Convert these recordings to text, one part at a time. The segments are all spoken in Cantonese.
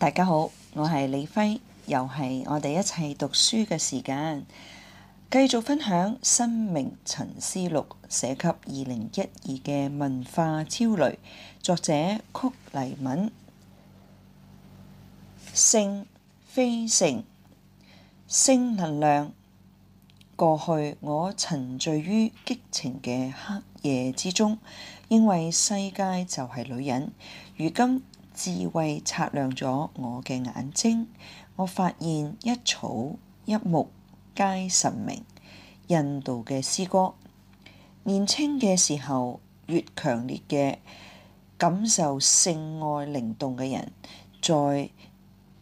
大家好，我係李輝，又係我哋一齊讀書嘅時間，繼續分享《生命沉思錄》寫給二零一二嘅文化焦慮，作者曲黎敏，性非性，性能量。過去我沉醉於激情嘅黑夜之中，因為世界就係女人。如今，智慧擦亮咗我嘅眼睛，我發現一草一木皆神明。印度嘅詩歌。年輕嘅時候越強烈嘅感受性愛靈動嘅人，在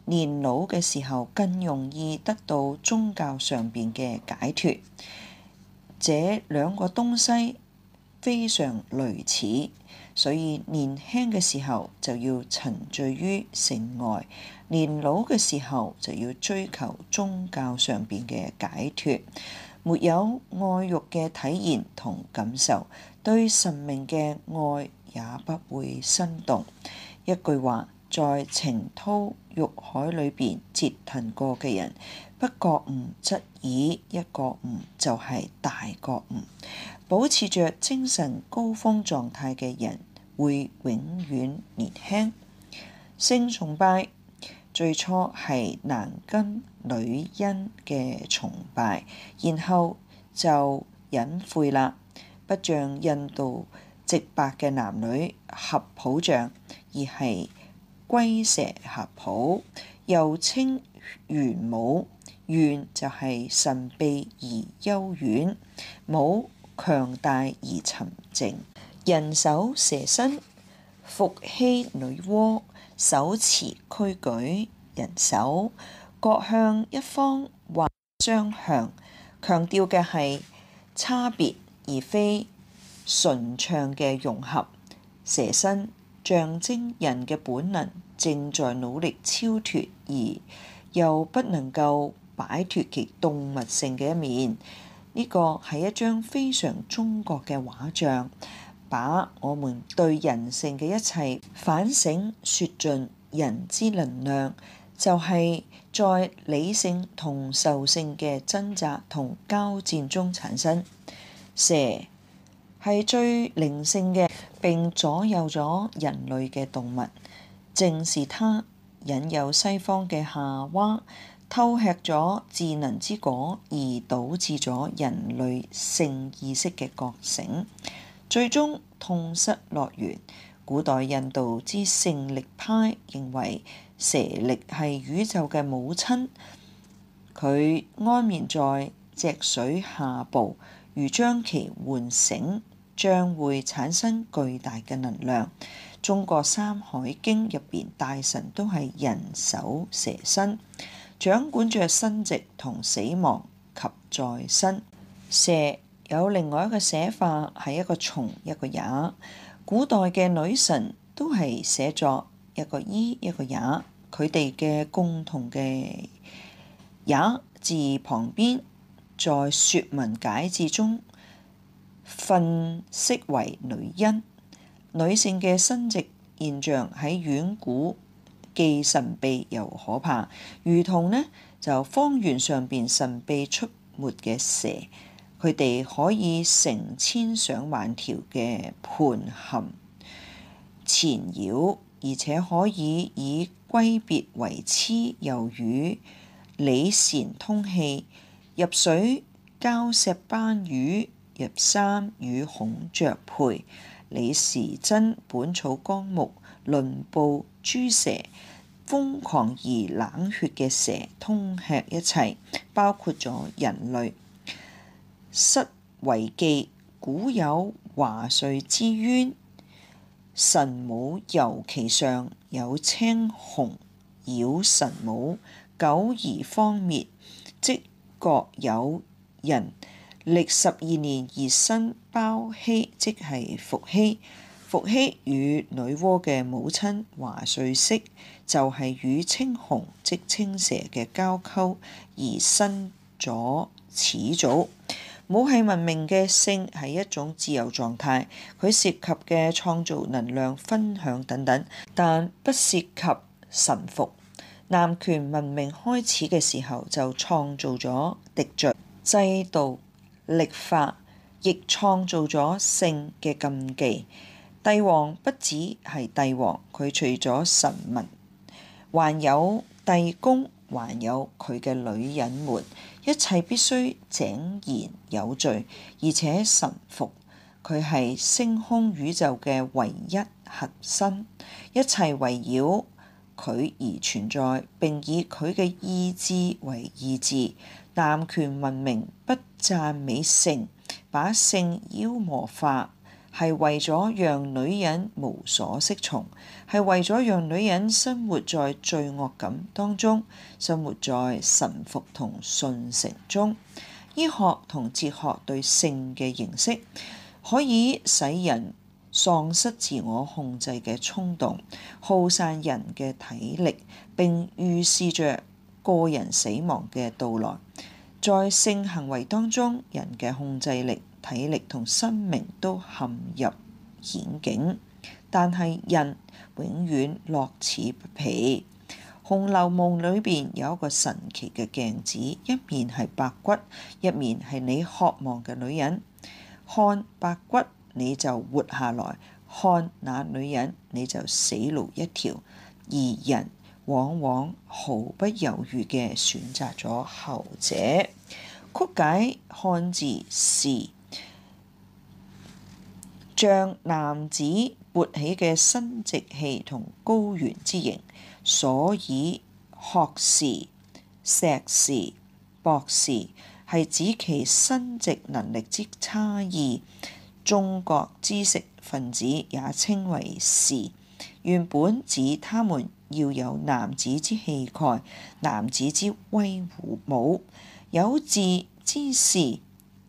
年老嘅時候更容易得到宗教上邊嘅解脱。這兩個東西非常類似。所以年輕嘅時候就要沉醉於性愛，年老嘅時候就要追求宗教上邊嘅解脱。沒有愛欲嘅體驗同感受，對神明嘅愛也不會生動。一句話，在情濤慾海裏邊折騰過嘅人，不覺悟則已，一覺悟就係大覺悟。保持著精神高峰狀態嘅人，會永遠年輕。性崇拜最初係男根女陰嘅崇拜，然後就隱晦啦。不像印度直白嘅男女合抱像，而係龜蛇合抱，又稱玄武。玄就係神秘而幽遠，武強大而沉靜。人手蛇身，伏羲女媧手持規矩人手，各向一方或雙向，強調嘅係差別而非順暢嘅融合。蛇身象徵人嘅本能正在努力超脱，而又不能夠擺脫其動物性嘅一面。呢、這個係一張非常中國嘅畫像。把我們對人性嘅一切反省說盡，人之能量就係、是、在理性同獸性嘅掙扎同交戰中產生。蛇係最靈性嘅，並左右咗人類嘅動物，正是它引誘西方嘅夏娃偷吃咗智能之果，而導致咗人類性意識嘅覺醒。最終痛失樂園。古代印度之性力派認為蛇力係宇宙嘅母親，佢安眠在脊髓下部，如將其喚醒，將會產生巨大嘅能量。中國《山海經》入邊大神都係人手蛇身，掌管着生殖同死亡及再生。蛇有另外一個寫法係一個虫一個也。古代嘅女神都係寫作一個伊一個也，佢哋嘅共同嘅也字旁邊，在説文解字中訓釋為女陰。女性嘅生殖現象喺遠古既神秘又可怕，如同呢就荒原上邊神秘出沒嘅蛇。佢哋可以成千上萬條嘅盤含纏繞，而且可以以龜鱉為雌，又與理蟬通氣入水，交石斑魚，入山與孔雀配。李時珍《本草綱目》鱗部諸蛇，瘋狂而冷血嘅蛇，通吃一切，包括咗人類。拾遺記，古有華胥之冤，神母遊其上有青虹繞神母，久而方滅。即覺有人歷十二年而生包羲，即係伏羲。伏羲與女媧嘅母親華胥色，就係、是、與青虹即青蛇嘅交媾而生咗始祖。武器文明嘅性係一種自由狀態，佢涉及嘅創造能量分享等等，但不涉及臣服。男權文明開始嘅時候就創造咗秩序、制度、立法，亦創造咗性嘅禁忌。帝王不只係帝王，佢除咗臣民，還有帝公，還有佢嘅女人們。一切必須井然有序，而且臣服。佢係星空宇宙嘅唯一核心，一切圍繞佢而存在，並以佢嘅意志為意志。男權文明不讚美性，把性妖魔化。係為咗讓女人無所適從，係為咗讓女人生活在罪惡感當中，生活在臣服同順從中。醫學同哲學對性嘅認識，可以使人喪失自我控制嘅衝動，耗散人嘅體力，並預示着個人死亡嘅到來。在性行為當中，人嘅控制力，體力同生命都陷入險境，但係人永遠樂此不疲。《紅樓夢》裏邊有一個神奇嘅鏡子，一面係白骨，一面係你渴望嘅女人。看白骨你就活下來，看那女人你就死路一條。而人往往毫不猶豫嘅選擇咗後者。曲解漢字是，像男子勃起嘅生殖器同高原之形，所以學士、碩士、博士係指其生殖能力之差異。中國知識分子也稱為士，原本指他們要有男子之氣概、男子之威武，有志之士，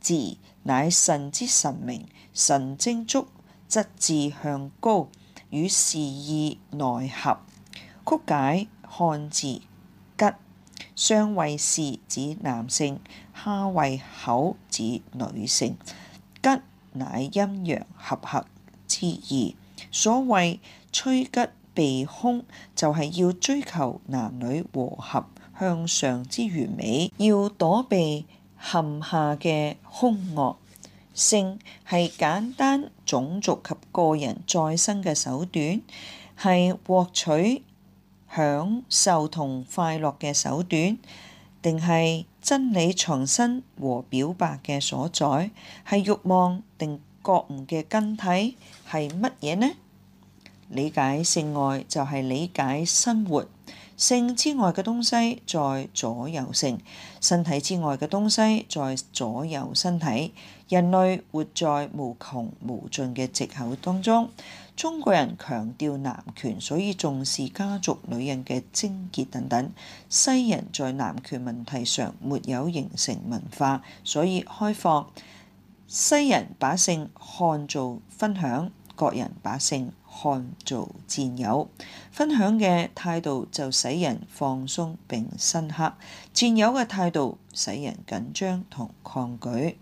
志乃神之神明。」神精足則志向高，與示意內合。曲解漢字吉，上為士指男性，下為口指女性。吉乃陰陽合合之意。所謂趨吉避凶，就係、是、要追求男女和合向上之完美，要躲避冚下嘅凶惡。性係簡單種族及個人再生嘅手段，係獲取享受同快樂嘅手段，定係真理藏身和表白嘅所在，係慾望定覺悟嘅根體，係乜嘢呢？理解性愛就係理解生活。性之外嘅東西在左右性，身體之外嘅東西在左右身體。人類活在無窮無盡嘅藉口當中。中國人強調男權，所以重視家族、女人嘅貞潔等等。西人在男權問題上沒有形成文化，所以開放。西人把性看做分享，國人把性，看做戰友，分享嘅態度就使人放鬆並深刻；戰友嘅態度使人緊張同抗拒。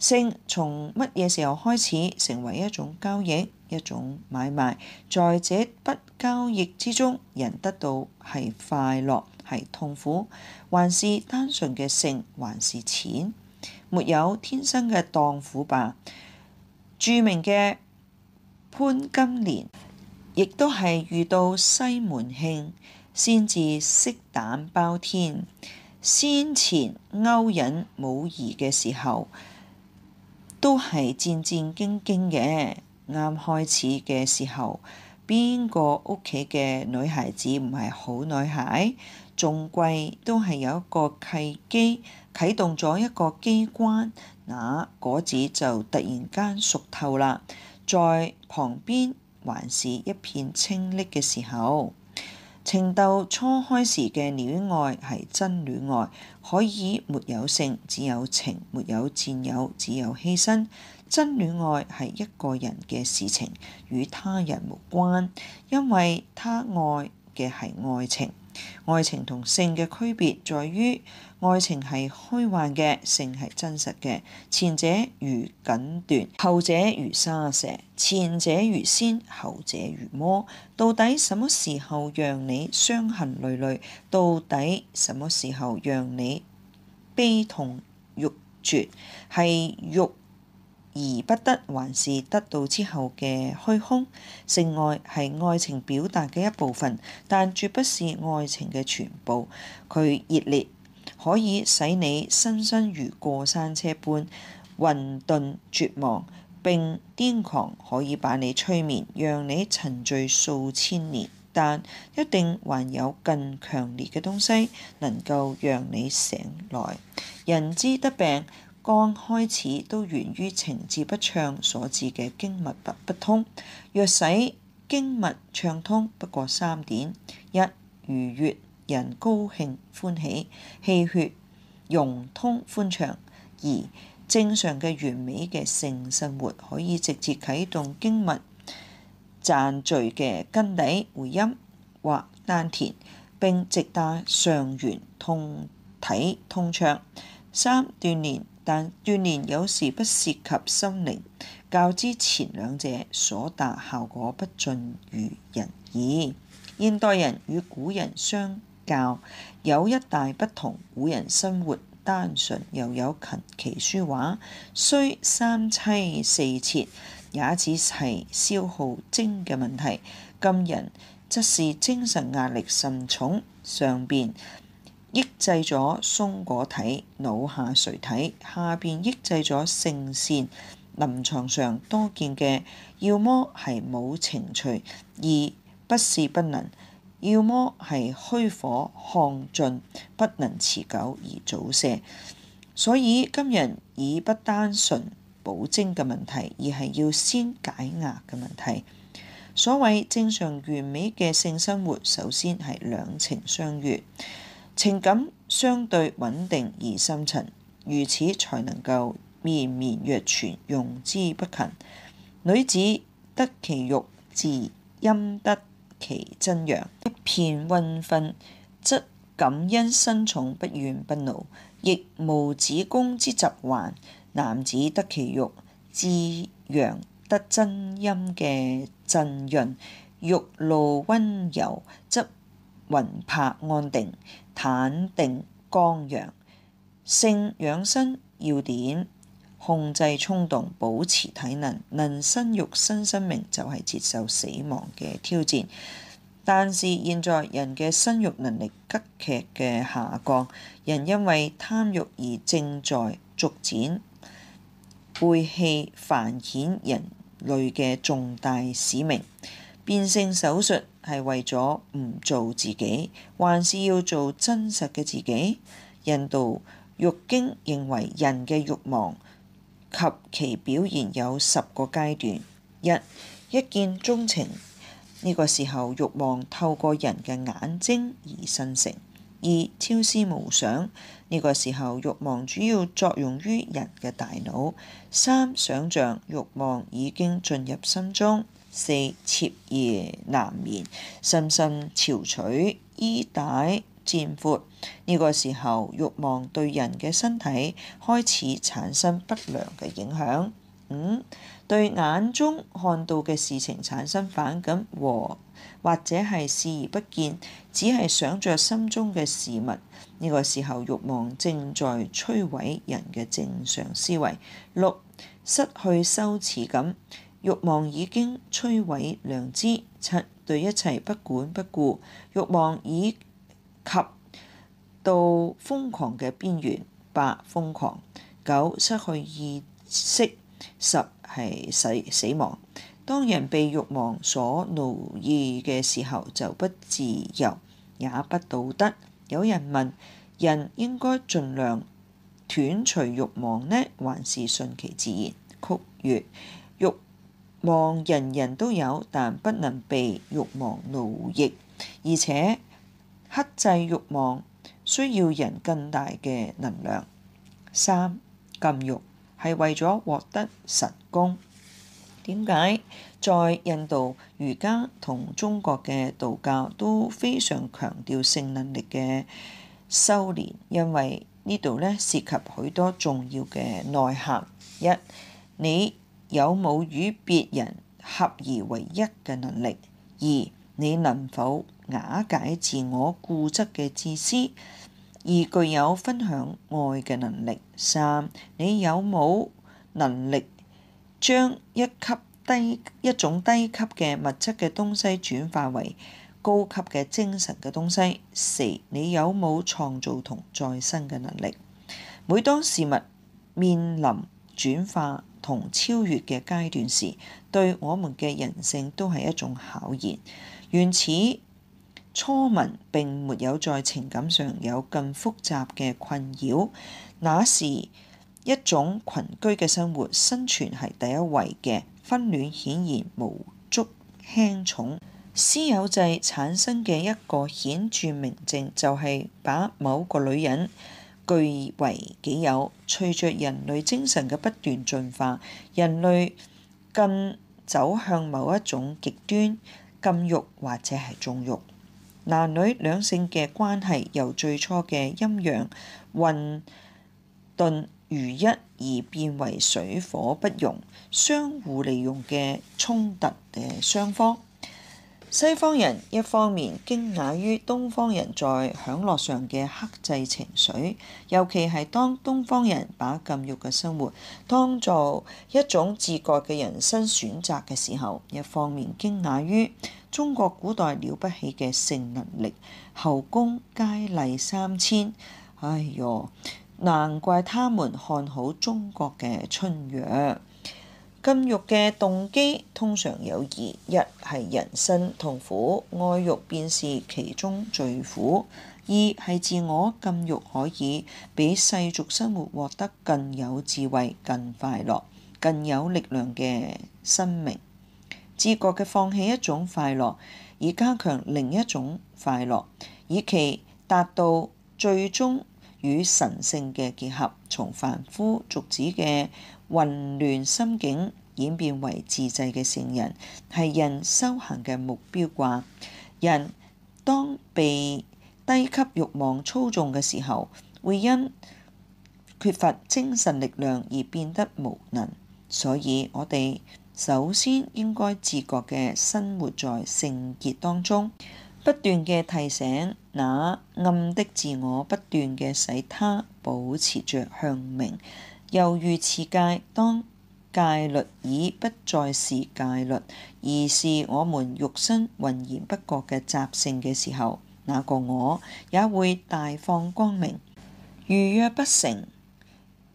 性從乜嘢時候開始成為一種交易、一種買賣？在這筆交易之中，人得到係快樂、係痛苦，還是單純嘅性，還是錢？沒有天生嘅蕩婦吧？著名嘅。潘金蓮亦都係遇到西門慶先至色膽包天，先前勾引武二嘅時候都係戰戰兢兢嘅。啱開始嘅時候，邊個屋企嘅女孩子唔係好女孩？仲貴都係有一個契機啟動咗一個機關，那果子就突然間熟透啦。在旁邊還是一片青綠嘅時候，情竇初開時嘅戀愛係真戀愛，可以沒有性，只有情，沒有佔有，只有犧牲。真戀愛係一個人嘅事情，與他人無關，因為他愛嘅係愛情。愛情同性嘅區別在於，愛情係虛幻嘅，性係真實嘅。前者如錦緞，後者如沙蛇。前者如仙，後者如魔。到底什麼時候讓你傷痕累累？到底什麼時候讓你悲痛欲絕？係欲而不得，還是得到之後嘅虛空。性愛係愛情表達嘅一部分，但絕不是愛情嘅全部。佢熱烈，可以使你身心如過山車般混沌絕望並癲狂，可以把你催眠，讓你沉醉數千年。但一定還有更強烈嘅東西能夠讓你醒來。人之得病。剛開始都源於情志不暢所致嘅經脈不，不通。若使經脈暢通，不過三點：一愉悅，人高興歡喜，氣血融通寬暢；二正常嘅完美嘅性生活可以直接啟動經脈贊聚嘅根底回音或丹田，並直達上元通體通暢；三鍛鍊。但鍛練有時不涉及心靈，較之前兩者所達效果不盡如人意。現代人與古人相較，有一大不同。古人生活單純，又有琴棋書畫，雖三妻四妾，也只係消耗精嘅問題。今人則是精神壓力甚重，上邊，抑制咗松果體、腦下垂體下邊，抑制咗性腺。臨床上多見嘅，要麼係冇情趣，而不是不能；要麼係虛火亢進，不能持久而早洩。所以今日已不單純補精嘅問題，而係要先解壓嘅問題。所謂正常完美嘅性生活，首先係兩情相悅。情感相對穩定而深沉，如此才能夠綿綿若存，用之不勤。女子得其慾，至陰得其真陽；一片温分，則感恩身重，不怨不怒，亦無子宮之疾患。男子得其慾，至陽得真陰嘅浸潤，慾露温柔則。則魂魄安定、坦定、剛陽。性養生要點：控制衝動，保持體能。能生育新生命就係接受死亡嘅挑戰。但是現在人嘅生育能力急劇嘅下降，人因為貪欲而正在逐漸背棄繁衍人類嘅重大使命。變性手術。係為咗唔做自己，還是要做真實嘅自己？《印度欲經》玉認為人嘅欲望及其表現有十個階段：一、一見鍾情，呢、這個時候欲望透過人嘅眼睛而生成；二、朝思暮想，呢、這個時候欲望主要作用於人嘅大腦；三、想像，欲望已經進入心中。四、徹夜難眠，深深憔悴衣帶漸闊。呢、這個時候，欲望對人嘅身體開始產生不良嘅影響。五、對眼中看到嘅事情產生反感和或者係視而不見，只係想着心中嘅事物。呢、這個時候，欲望正在摧毀人嘅正常思維。六、失去羞恥感。欲望已經摧毀良知，七對一切不管不顧。欲望已及到瘋狂嘅邊緣，八瘋狂，九失去意識，十係死死亡。當人被欲望所奴役嘅時候，就不自由，也不道德。有人問：人應該盡量斷除欲望呢，還是順其自然？曲越。欲望人人都有，但不能被欲望奴役，而且克制欲望需要人更大嘅能量。三、禁欲係為咗獲得神功。點解？在印度瑜伽同中國嘅道教都非常強調性能力嘅修煉，因為呢度咧涉及許多重要嘅內涵。一、你。有冇與別人合而為一嘅能力？二、你能否瓦解自我固執嘅自私，二、具有分享愛嘅能力？三、你有冇能力將一級低一種低級嘅物質嘅東西轉化為高級嘅精神嘅東西？四、你有冇創造同再生嘅能力？每當事物面臨轉化同超越嘅階段時，對我們嘅人性都係一種考驗。原始初民並沒有在情感上有更複雜嘅困擾，那是一種群居嘅生活，生存係第一位嘅，婚戀顯然無足輕重。私有制產生嘅一個顯著明證，就係、是、把某個女人。據為己有。隨著人類精神嘅不斷進化，人類更走向某一種極端，禁欲或者係縱欲。男女兩性嘅關係由最初嘅陰陽混沌如一，而變為水火不容、相互利用嘅衝突嘅雙方。西方人一方面驚訝於東方人在享樂上嘅克制情緒，尤其係當東方人把禁欲嘅生活當做一種自覺嘅人生選擇嘅時候，一方面驚訝於中國古代了不起嘅性能力，後宮佳麗三千，哎喲，難怪他們看好中國嘅春藥。禁欲嘅動機通常有二：一係人生痛苦，愛欲便是其中最苦；二係自我禁欲可以比世俗生活獲得更有智慧、更快樂、更有力量嘅生命。自覺嘅放棄一種快樂，以加強另一種快樂，以期達到最終。與神聖嘅結合，從凡夫俗子嘅混亂心境演變為自制嘅聖人，係人修行嘅目標啩。人當被低級欲望操縱嘅時候，會因缺乏精神力量而變得無能，所以我哋首先應該自覺嘅生活在聖潔當中。不斷嘅提醒，那暗的自我不斷嘅使他保持着向明。猶如此戒，當戒律已不再是戒律，而是我們肉身渾然不覺嘅習性嘅時候，那個我也會大放光明。如若不成，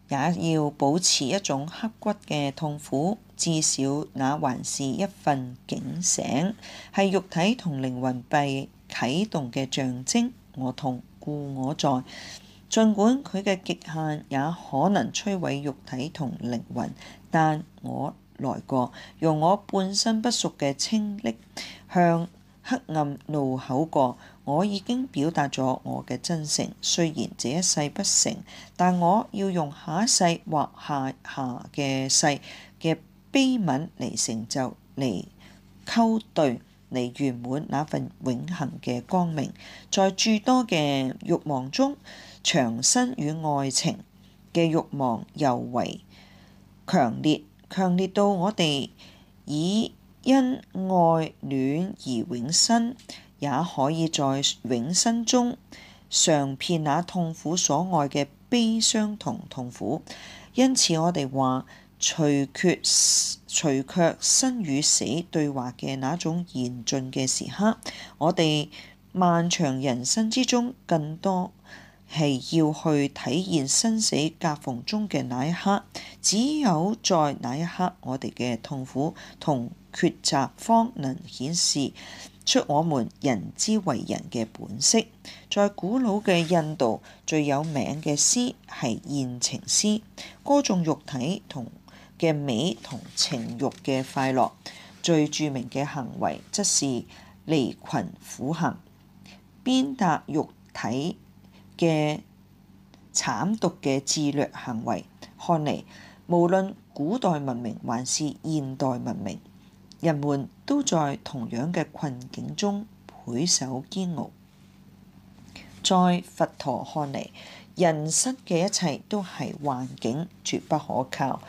也要保持一種刻骨嘅痛苦。至少那還是一份警醒，係肉體同靈魂被啟動嘅象徵。我痛故我在，儘管佢嘅極限也可能摧毀肉體同靈魂，但我來過，用我半生不熟嘅清冽向黑暗怒吼過。我已經表達咗我嘅真誠，雖然這一世不成，但我要用下一世或下下嘅世嘅。悲憫嚟成就，嚟溝對，嚟圓滿那份永恒嘅光明。在諸多嘅慾望中，長身與愛情嘅慾望尤為強烈，強烈到我哋以因愛戀而永生，也可以在永生中嘗遍那痛苦所愛嘅悲傷同痛苦。因此我哋話。除卻除卻生與死對話嘅那種嚴峻嘅時刻，我哋漫長人生之中，更多係要去體驗生死夾縫中嘅那一刻。只有在那一刻，我哋嘅痛苦同抉擇方能顯示出我們人之為人嘅本色。在古老嘅印度，最有名嘅詩係現情詩歌頌肉體同。嘅美同情欲嘅快樂，最著名嘅行為則是離群苦行，鞭打肉體嘅慘毒嘅自虐行為。看嚟，無論古代文明還是現代文明，人們都在同樣嘅困境中倍受煎熬。在佛陀看嚟，人生嘅一切都係幻境，絕不可靠。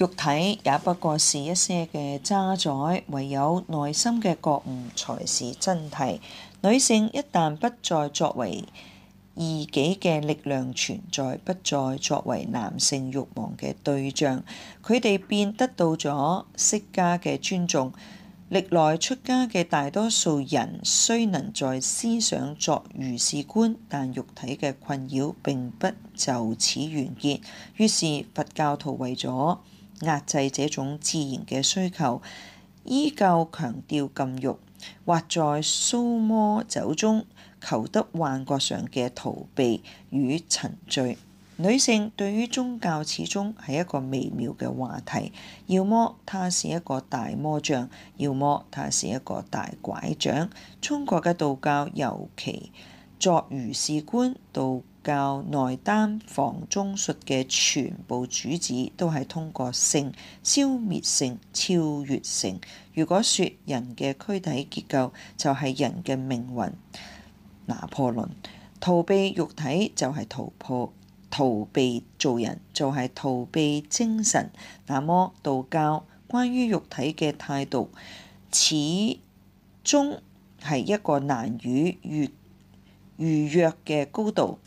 肉體也不過是一些嘅渣滓，唯有內心嘅覺悟才是真諦。女性一旦不再作為異己嘅力量存在，不再作為男性欲望嘅對象，佢哋便得到咗釋迦嘅尊重。歷來出家嘅大多數人雖能在思想作如是觀，但肉體嘅困擾並不就此完結。於是佛教徒為咗壓制這種自然嘅需求，依舊強調禁欲，或在蘇摩酒中求得幻覺上嘅逃避與沉醉。女性對於宗教始終係一個微妙嘅話題，要麼她是一個大魔杖，要麼她是一個大拐杖。中國嘅道教尤其作如是觀，道教內丹房中術嘅全部主旨都係通過性、消滅性、超越性。如果說人嘅軀體結構就係、是、人嘅命運，拿破崙逃避肉體就係逃破，逃避做人就係、是、逃避精神。那麼道教關於肉體嘅態度始終係一個難以越逾越嘅高度。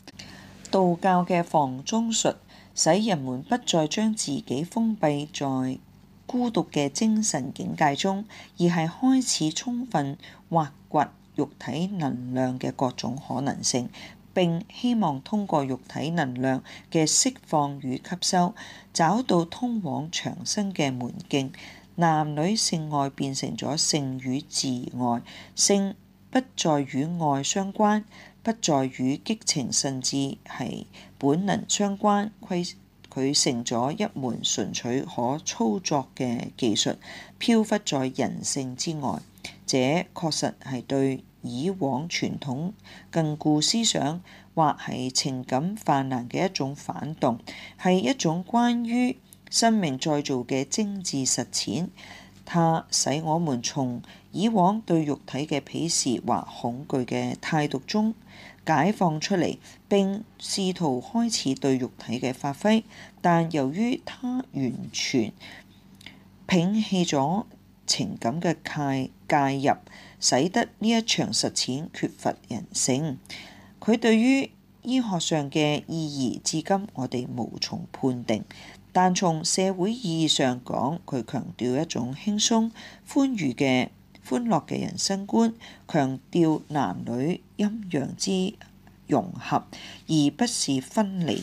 道教嘅房中術，使人們不再將自己封閉在孤獨嘅精神境界中，而係開始充分挖掘肉體能量嘅各種可能性，並希望通過肉體能量嘅釋放與吸收，找到通往長生嘅門徑。男女性愛變成咗性與自愛，性不再與愛相關。不再與激情甚至係本能相關，佢成咗一門純粹可操作嘅技術，飄忽在人性之外。這確實係對以往傳統禁錮思想或係情感泛濫嘅一種反動，係一種關於生命再造嘅精緻實踐。它使我們從以往對肉體嘅鄙視或恐懼嘅態度中解放出嚟，並試圖開始對肉體嘅發揮，但由於他完全摒棄咗情感嘅介入，使得呢一場實踐缺乏人性。佢對於醫學上嘅意義，至今我哋無從判定。但從社會意義上講，佢強調一種輕鬆寬裕嘅，歡樂嘅人生觀，強調男女陰陽之融合，而不是分離。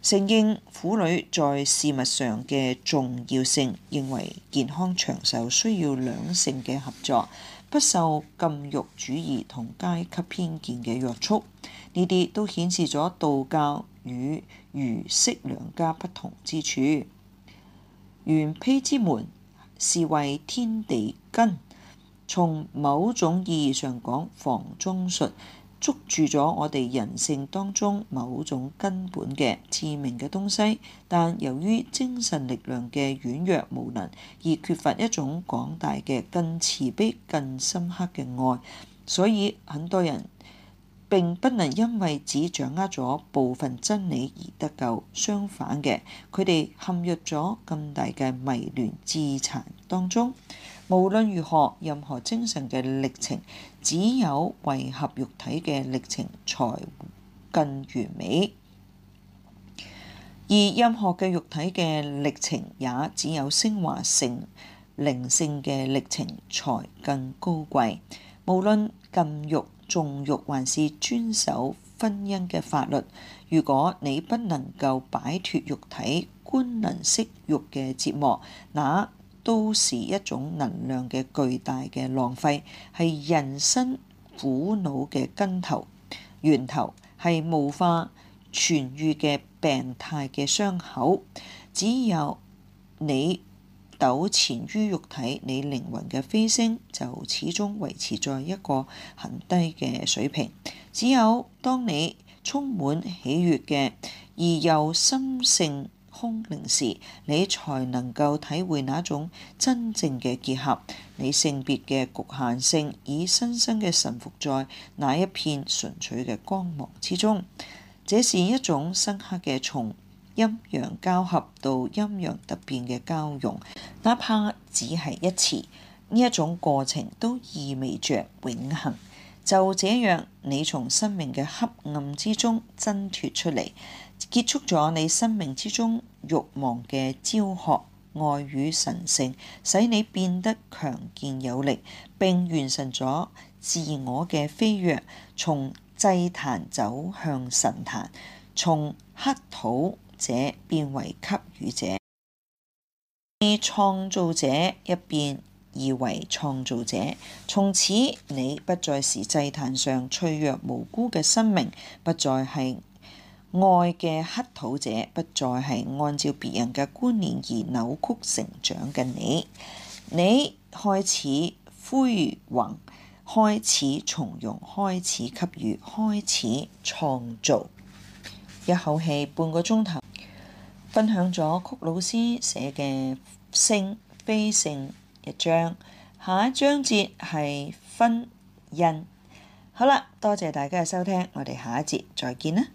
承認婦女在事物上嘅重要性，認為健康長壽需要兩性嘅合作，不受禁欲主義同階級偏見嘅約束。呢啲都顯示咗道教與儒釋兩家不同之處。玄牝之門，是謂天地根。從某種意義上講，房中術捉住咗我哋人性當中某種根本嘅致命嘅東西，但由於精神力量嘅軟弱無能，而缺乏一種廣大嘅、更慈悲、更深刻嘅愛，所以很多人並不能因為只掌握咗部分真理而得救。相反嘅，佢哋陷入咗更大嘅迷亂自殘當中。無論如何，任何精神嘅歷程，只有為合肉體嘅歷程才更完美；而任何嘅肉體嘅歷程，也只有升華成靈性嘅歷程才更高貴。無論禁欲、縱欲，還是遵守婚姻嘅法律，如果你不能夠擺脱肉體官能色慾嘅折磨，那都是一種能量嘅巨大嘅浪費，係人生苦惱嘅根頭源頭，係無法痊癒嘅病態嘅傷口。只有你糾纏於肉體，你靈魂嘅飛升就始終維持在一個很低嘅水平。只有當你充滿喜悅嘅，而又心性空靈時，你才能夠體會那種真正嘅結合。你性別嘅局限性，已深深嘅臣服在那一片純粹嘅光芒之中。這是一種深刻嘅從陰陽交合到陰陽突變嘅交融，哪怕只係一次，呢一種過程都意味着永恆。就這樣，你從生命嘅黑暗之中掙脱出嚟。結束咗你生命之中慾望嘅招學、愛與神性，使你變得強健有力，並完成咗自我嘅飛躍，從祭壇走向神壇，從乞討者變為給予者，從創造者一變而為創造者。從此你不再是祭壇上脆弱無辜嘅生命，不再係。愛嘅乞討者不再係按照別人嘅觀念而扭曲成長嘅你，你開始恢宏，開始從容，開始給予，開始創造。一口氣半個鐘頭，分享咗曲老師寫嘅《性非性》一章，下一章節係婚姻。好啦，多謝大家嘅收聽，我哋下一節再見啦！